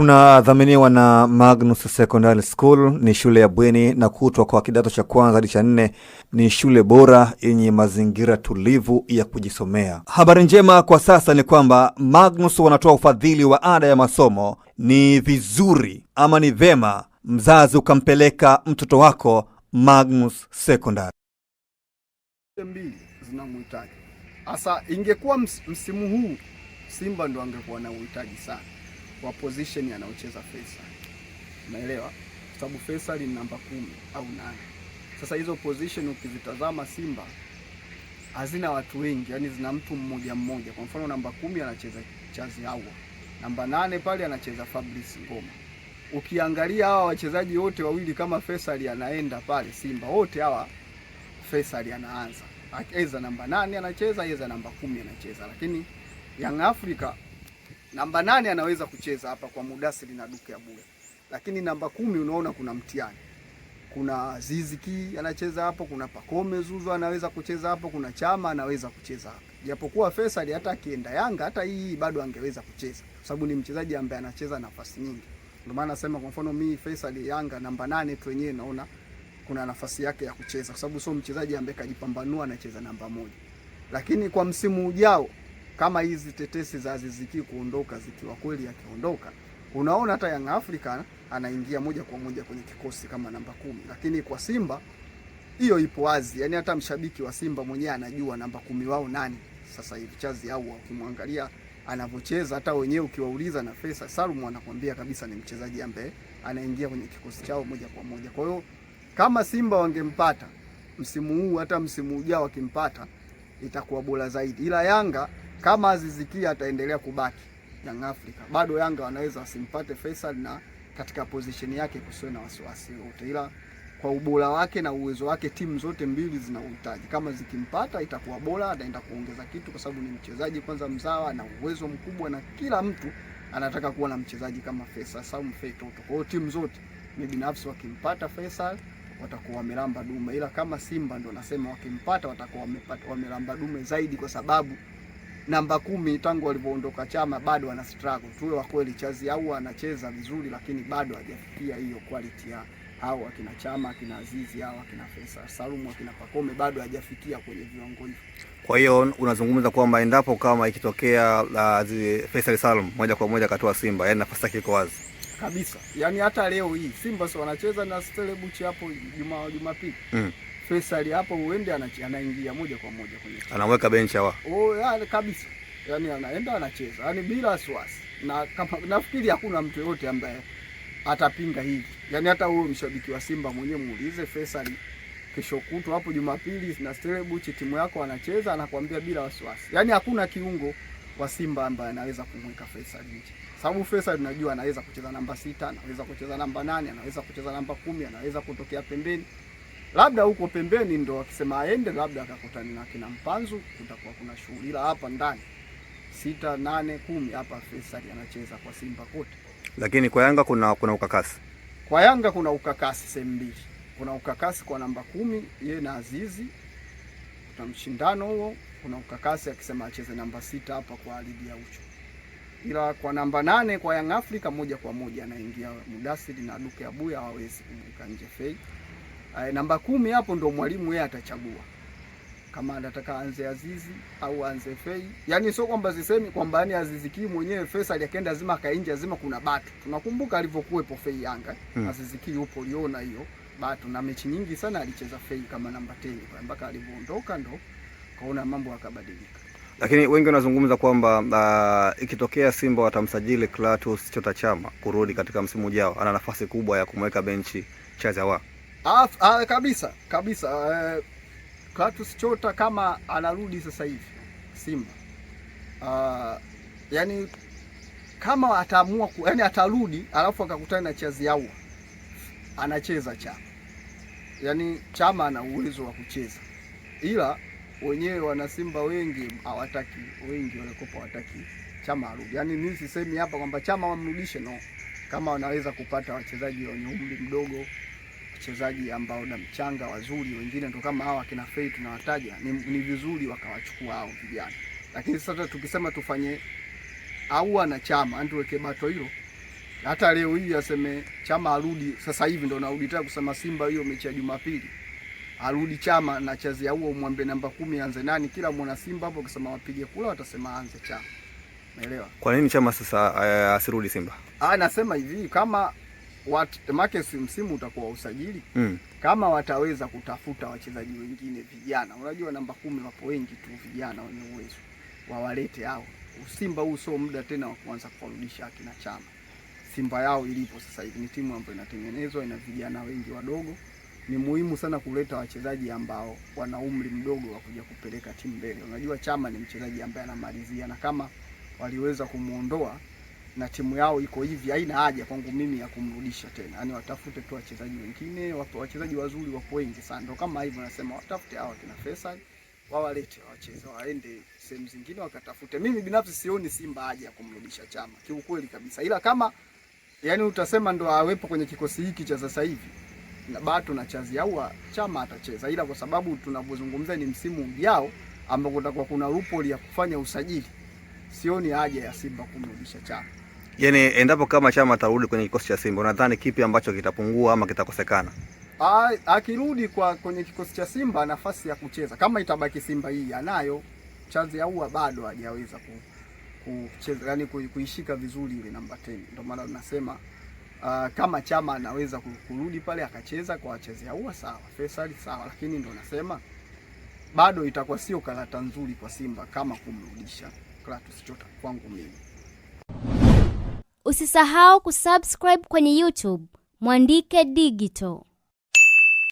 Tunadhaminiwa na Magnus Secondary School. Ni shule ya bweni na kutwa kwa kidato cha kwanza hadi cha nne. Ni shule bora yenye mazingira tulivu ya kujisomea. Habari njema kwa sasa ni kwamba Magnus wanatoa ufadhili wa ada ya masomo. Ni vizuri ama ni vema mzazi ukampeleka mtoto wako Magnus Secondary. Mbili zinamhitaji hasa, ingekuwa msimu huu Simba ndo angekuwa na uhitaji sana wa position anaocheza Faisal. Unaelewa? Sababu Faisal ni namba kumi au nane. Sasa hizo position ukizitazama Simba hazina watu wengi, yani zina mtu mmoja mmoja. Kwa mfano namba kumi anacheza Chazi Awa, namba nane pale anacheza Fabrice Ngoma. Ukiangalia hawa wachezaji wote wawili, kama Faisal anaenda pale Simba, wote hawa Faisal anaanza, aidha namba nane anacheza, aidha namba kumi anacheza, lakini Young Africa Namba nane anaweza kucheza hapa kwa Mudasiri na Duke Abuya, lakini namba kumi unaona kuna mtihani, kuna Ziziki anacheza hapo, kuna Pakome Zuzu anaweza kucheza hapo, kuna Chama anaweza kucheza hapo, japokuwa Faisal hata akienda Yanga hata hii bado angeweza kucheza kwa sababu ni mchezaji ambaye anacheza nafasi nyingi. Ndio maana nasema kwa mfano mimi Faisal Yanga namba nane tu wenyewe naona kuna nafasi yake ya kucheza kwa sababu sio mchezaji ambaye kajipambanua anacheza namba moja, lakini kwa msimu ujao kama hizi tetesi za Aziziki kuondoka zikiwa kweli, akiondoka unaona hata Young African anaingia moja kwa moja kwenye kikosi kama namba kumi, lakini kwa Simba hiyo ipo wazi, yani hata mshabiki wa Simba mwenyewe anajua namba kumi wao nani sasa hivi chazi au ukimwangalia anavyocheza hata wenyewe ukiwauliza na Fesa Salum anakuambia kabisa ni mchezaji ambaye anaingia kwenye kikosi chao moja kwa moja. Kwa hiyo kama Simba wangempata msimu huu hata msimu ujao wakimpata itakuwa bora zaidi, ila Yanga kama Azizikia ataendelea kubaki Young Africa, bado Yanga wanaweza wasimpate Faisal, na katika position yake kusiwe na wasiwasi wote, ila kwa ubora wake na uwezo wake timu zote mbili zina Kama zikimpata itakuwa bora, ataenda kuongeza kitu, kwa sababu ni mchezaji kwanza mzawa na uwezo mkubwa, na kila mtu anataka kuwa na mchezaji kama Faisal Salum Fei Kwa hiyo timu zote ni binafsi, wakimpata Faisal watakuwa wamelamba dume, ila kama Simba ndo nasema wakimpata watakuwa wamepata wamelamba dume zaidi, kwa sababu namba kumi tangu walivyoondoka Chama bado wana struggle, tu wa kweli. Chazi au anacheza vizuri, lakini bado hajafikia hiyo quality ya hao akina Chama, akina Azizi, hao akina Faisal Salum, akina Pakome, bado hajafikia kwenye viwango hivyo. Kwa hiyo unazungumza kwamba endapo kama ikitokea uh, Faisal Salum moja kwa moja akatoa Simba, yani nafasi yake iko wazi kabisa. Yani hata leo hii Simba sio wanacheza na Stellenbosch hapo Jumapili mm. Faisal hapo uende anaingia moja kwa moja kwenye anaweka bench hawa. Oh, yani kabisa. Yaani anaenda anacheza. Yaani bila wasiwasi. Na kama nafikiri hakuna mtu yote ambaye atapinga hili. Yaani hata huyo mshabiki wa Simba mwenyewe muulize Faisal kesho kutwa hapo Jumapili na Stellenbosch timu yako anacheza anakuambia bila wasiwasi. Yaani hakuna kiungo wa Simba ambaye anaweza kumweka Faisal nje. Sababu Faisal tunajua anaweza kucheza namba sita, anaweza kucheza namba nane, anaweza kucheza namba kumi, anaweza kutokea pembeni labda huko pembeni ndo akisema aende labda akakutana na kina Mpanzu, kutakuwa kuna shughuli, ila hapa ndani sita nane kumi hapa Faisal anacheza kwa Simba kote. Lakini kwa Yanga kuna kuna ukakasi, kwa Yanga kuna ukakasi sehemu mbili, kuna ukakasi kwa namba kumi ye na Azizi, kuna mshindano huo, kuna ukakasi akisema acheze namba sita hapa kwa Alidi ya Ucho, ila kwa namba nane kwa Young Africa moja kwa moja anaingia Mudasiri na Duke Abuya hawawezi kumweka nje Fei Ae, eh, namba kumi hapo ndo mwalimu yeye atachagua kama anataka anze Azizi au anze Fei. Yani sio kwamba sisemi kwamba yani Azizi Ki mwenyewe Faisal akaenda zima kainje zima kuna batu. Tunakumbuka alivyokuwepo Fei Yanga. Hmm. Azizi Ki yupo liona hiyo batu na mechi nyingi sana alicheza Fei kama namba 10 mpaka alivyoondoka ndo kaona mambo akabadilika. Lakini wengi wanazungumza kwamba uh, ikitokea Simba watamsajili Clatous Chota Chama kurudi katika msimu ujao, ana nafasi kubwa ya kumweka benchi Chazawa af, af, ah, kabisa kabisa uh, eh, Clatous Chota kama anarudi sasa hivi Simba uh, yani kama ataamua yani atarudi alafu akakutana na au anacheza Chama, yani Chama ana uwezo wa kucheza, ila wenyewe wanasimba wengi hawataki, wengi wanakopa hawataki Chama arudi. Yani mimi sisemi hapa kwamba Chama wamrudishe, no, kama wanaweza kupata wachezaji wenye umri mdogo wachezaji ambao na mchanga wazuri, wengine ndo kama hawa kina Fei tunawataja, ni, ni vizuri wakawachukua hao vijana. Lakini sasa tukisema tufanye au ana Chama ndio weke bato hilo, hata leo hii aseme Chama arudi sasa hivi, ndo narudi tena kusema Simba hiyo mechi ya Jumapili arudi Chama na chazi ya huo, umwambie namba kumi anze nani. Kila mwana Simba hapo akisema wapige kula, watasema anze Chama. Umeelewa kwa nini Chama sasa eh, asirudi Simba? Ah, nasema hivi kama msimu utakuwa usajili mm. Kama wataweza kutafuta wachezaji wengine vijana, unajua namba kumi wapo wengi tu vijana wenye uwezo, wawalete hao. Simba huu sio muda tena wa kuanza kuwarudisha akina Chama. Simba yao ilipo sasa hivi ni timu ambayo inatengenezwa, ina vijana wengi wadogo. Ni muhimu sana kuleta wachezaji ambao wana umri mdogo wa kuja kupeleka timu mbele. Unajua Chama ni mchezaji ambaye anamalizia, na kama waliweza kumuondoa na timu yao iko hivi, haina haja kwangu mimi ya kumrudisha tena. Yaani watafute tu wachezaji wengine, wapo wachezaji wazuri, wapo wengi sana. Ndio kama hivyo nasema, watafute hao kina Faisal wawalete wacheze, waende sehemu zingine wakatafute. Mimi binafsi sioni Simba haja ya kumrudisha Chama kiukweli kabisa, ila kama yani utasema ndo awepo kwenye kikosi hiki cha sasa hivi na bado na Chazi au Chama atacheza, ila kwa sababu tunavyozungumza ni msimu ujao ambao kutakuwa kuna rupoli ya kufanya usajili, sioni haja ya Simba kumrudisha Chama. Yaani endapo kama Chama atarudi kwenye kikosi cha Simba, unadhani kipi ambacho kitapungua ama kitakosekana? Ah, akirudi kwa kwenye kikosi cha Simba, nafasi ya kucheza kama itabaki Simba hii anayo chanzi ya ua, bado hajaweza ku, kucheza yani kuishika vizuri ile namba 10. Ndio maana tunasema uh, kama Chama anaweza kurudi pale akacheza kwa wachezaji ya ua sawa, Faisal sawa, lakini ndio nasema bado itakuwa sio karata nzuri kwa Simba kama kumrudisha Clatous Chota kwangu mimi. Usisahau kusubscribe kwenye YouTube Mwandike Digital.